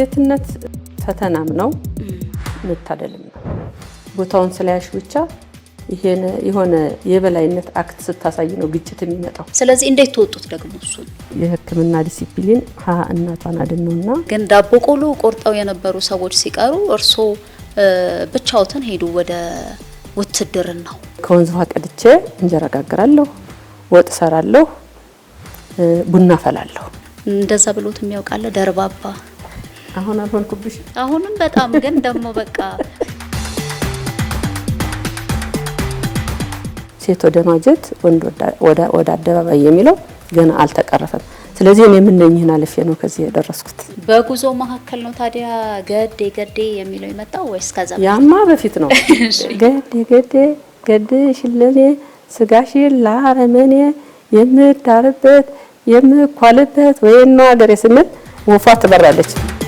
ሴትነት ፈተናም ነው መታደልም ነው። ቦታውን ስለያሽ ብቻ የሆነ የበላይነት አክት ስታሳይ ነው ግጭት የሚመጣው። ስለዚህ እንዴት ተወጡት ደግሞ እሱ የሕክምና ዲሲፕሊን ሀ እናቷን አድን ግን ዳቦ ቆሎ ቆርጠው የነበሩ ሰዎች ሲቀሩ እርሶ ብቻውትን ሄዱ ወደ ውትድርና ነው። ከወንዝ ውሃ ቀድቼ እንጀራ ጋግራለሁ፣ ወጥ ሰራለሁ፣ ቡና ፈላለሁ። እንደዛ ብሎት የሚያውቃለ ደርባባ አሁን አልሆንኩብሽ። አሁንም በጣም ግን ደግሞ በቃ ሴት ወደ ማጀት ወንድ ወደ አደባባይ የሚለው ገና አልተቀረፈም። ስለዚህ እኔ የምነኝህን አልፌ ነው ከዚህ የደረስኩት። በጉዞ መካከል ነው ታዲያ ገዴ ገዴ የሚለው የመጣው ወይስ ከዛ? ያማ በፊት ነው። ገዴ ገዴ ገዴ ሽለኔ ስጋሽ ላረመኔ የምዳርበት የምኳልበት ወይና ሀገሬ ስምል ወፏ ትበራለች።